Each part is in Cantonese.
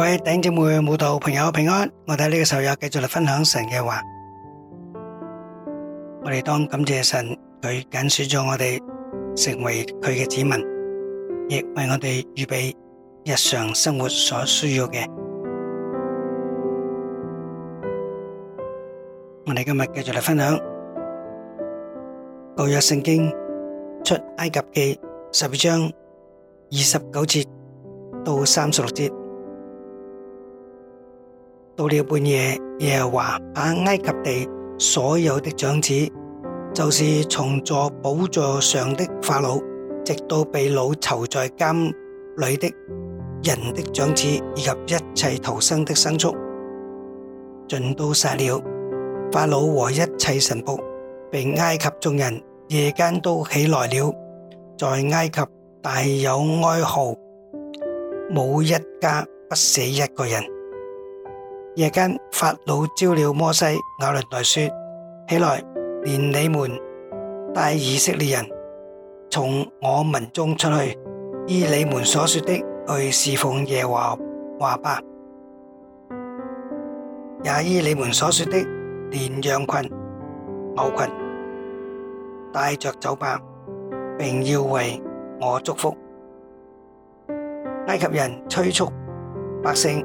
各位弟兄姊妹、慕道朋友，平安。我哋喺呢個時候又繼續嚟分享神嘅話。我哋當感謝神，佢揀選咗我哋成為佢嘅子民，亦為我哋預備日常生活所需要嘅。我哋今日繼續嚟分享舊約聖經出埃及記十二章二十九節到三十六節。到了半夜，耶華把埃及地所有的長子，就是從坐寶座上的法老，直到被擄囚在監裏的人的長子，以及一切逃生的牲畜，盡都殺了。法老和一切臣僕，被埃及眾人夜間都起來了，在埃及大有哀號，冇一家不死一個人。夜間，法老召了摩西、亞倫來說：起來，連你們帶以色列人，從我民中出去，依你們所說的去侍奉耶和華吧；也依你們所說的，連羊群、牛群帶着走吧，並要為我祝福。埃及人催促百姓。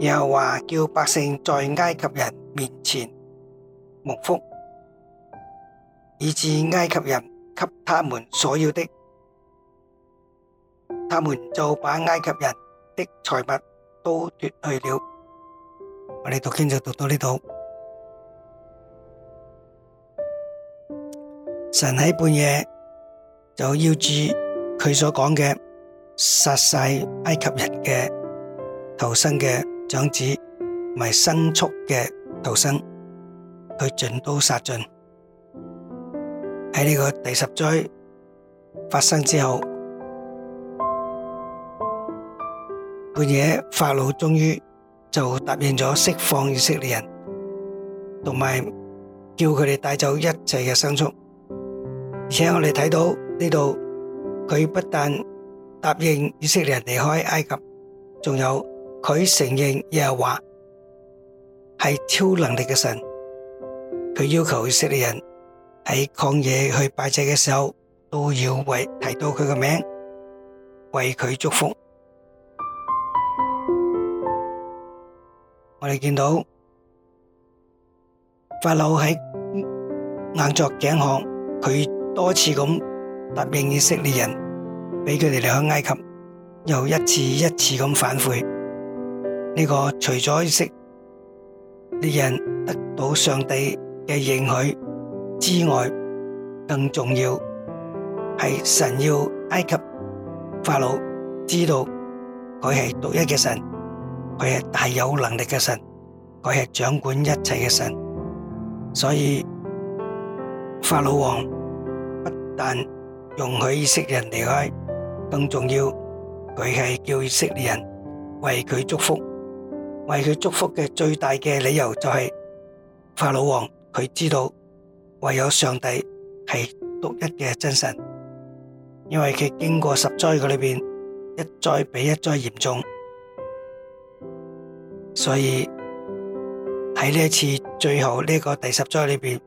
又話叫百姓在埃及人面前蒙福，以致埃及人給他們所要的，他們就把埃及人的財物都奪去了。我哋讀經就讀到呢度，神喺半夜就要住佢所講嘅殺晒埃及人嘅頭生嘅。長子咪牲畜嘅逃生，佢盡都殺盡。喺呢個第十災發生之後，半夜法老終於就答應咗釋放以色列人，同埋叫佢哋帶走一切嘅牲畜。而且我哋睇到呢度，佢不但答應以色列人離開埃及，仲有。佢承認耶和華係超能力嘅神，佢要求以色列人喺曠野去拜祭嘅時候都要為提到佢嘅名，為佢祝福。我哋見到法老喺硬著頸項，佢多次咁答應以色列人俾佢哋離開埃及，又一次一次咁反悔。呢個除咗以色列人得到上帝嘅應許之外，更重要係神要埃及法老知道佢係獨一嘅神，佢係大有能力嘅神，佢係掌管一切嘅神。所以法老王不但容許以色列人離開，更重要佢係叫以色列人為佢祝福。為佢祝福嘅最大嘅理由就係法老王佢知道唯有上帝係獨一嘅真神，因為佢經過十災嘅裏邊一災比一災嚴重，所以喺呢一次最後呢個第十災裏邊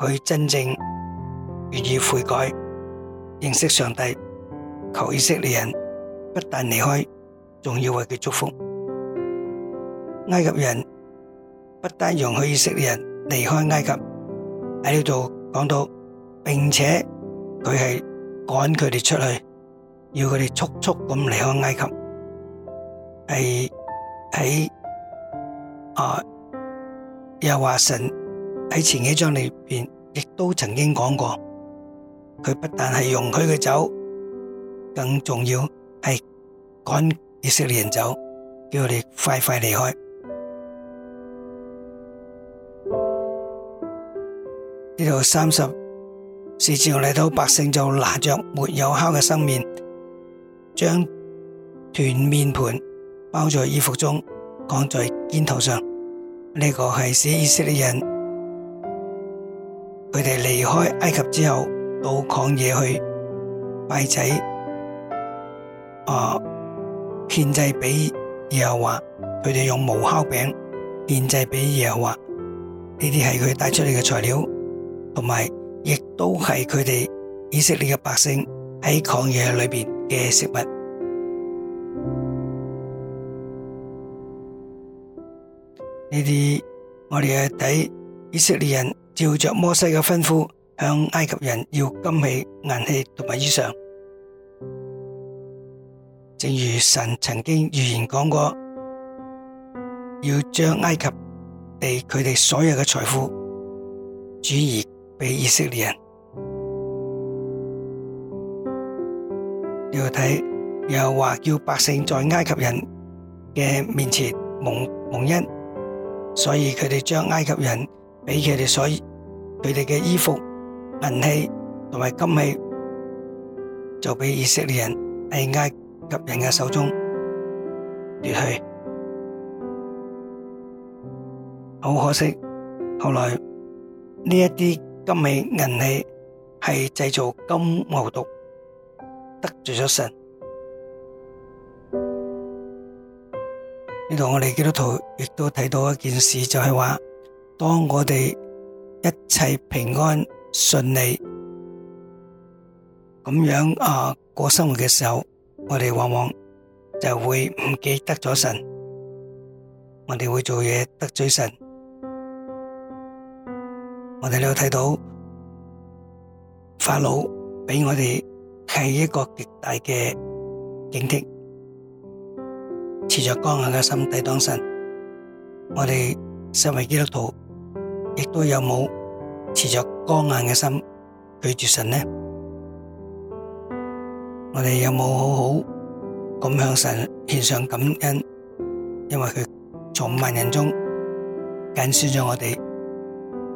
佢真正願意悔改認識上帝，求以色列人不但離開，仲要為佢祝福。埃及人不但容許以色列人離開埃及，喺呢度講到，並且佢係趕佢哋出去，要佢哋速速咁離開埃及。係喺啊，耶和華神喺前幾章裏邊亦都曾經講過，佢不但係容許佢走，更重要係趕以色列人走，叫佢哋快快離開。呢度三十四次嚟到，百姓就拿着沒有酵嘅生麵，將團麵盤包在衣服中，扛在肩頭上。呢個係以色列的人，佢哋離開埃及之後到曠野去拜祭，啊，獻祭俾耶和華。佢哋用無酵餅獻祭俾耶和華。呢啲係佢帶出嚟嘅材料。同埋，亦都係佢哋以色列嘅百姓喺曠野裏邊嘅食物。呢啲我哋係睇以色列人照着摩西嘅吩咐，向埃及人要金器、銀器同埋衣裳。正如神曾經預言講過，要將埃及地佢哋所有嘅財富轉移。主義俾以色列人，你要睇，又話叫百姓在埃及人嘅面前蒙蒙恩，所以佢哋將埃及人俾佢哋所佢哋嘅衣服、銀器同埋金器，就俾以色列人喺埃及人嘅手中奪去。好可惜，後來呢一啲。金器銀器係製造金牛犢，得罪咗神。呢度我哋基督徒亦都睇到一件事，就係話，當我哋一切平安順利咁樣啊過生活嘅時候，我哋往往就會唔記得咗神，我哋會做嘢得罪神。我哋有睇到法老俾我哋係一個極大嘅警惕，持着剛硬嘅心抵擋神。我哋身為基督徒，亦都有冇持着剛硬嘅心拒絕神呢？我哋有冇好好咁向神獻上感恩？因為佢從萬人中揀選咗我哋。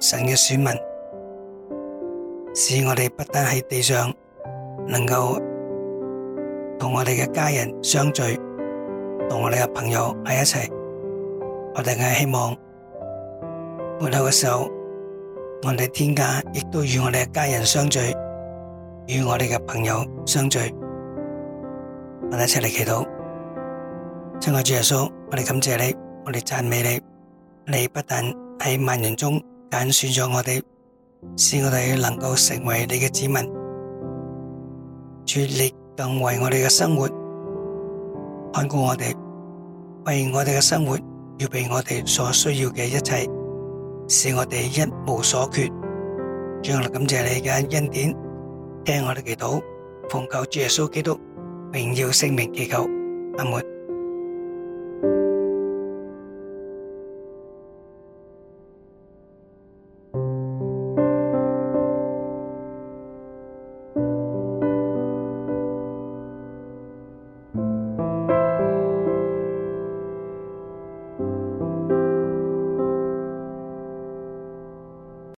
神嘅選民，使我哋不但喺地上能夠同我哋嘅家人相聚，同我哋嘅朋友喺一齊。我哋嘅希望，最後嘅時候，我哋天家亦都與我哋嘅家人相聚，與我哋嘅朋友相聚。我哋一齊嚟祈禱。親愛主耶穌，我哋感謝你，我哋讚美你。你不但喺萬人中。揀選咗我哋，使我哋能夠成為你嘅子民，全力更為我哋嘅生活看顧我哋，為我哋嘅生活預備我哋所需要嘅一切，使我哋一無所缺。主，我哋感謝你嘅恩典，聽我哋祈禱，奉求主耶穌基督榮耀聖名祈求，阿門。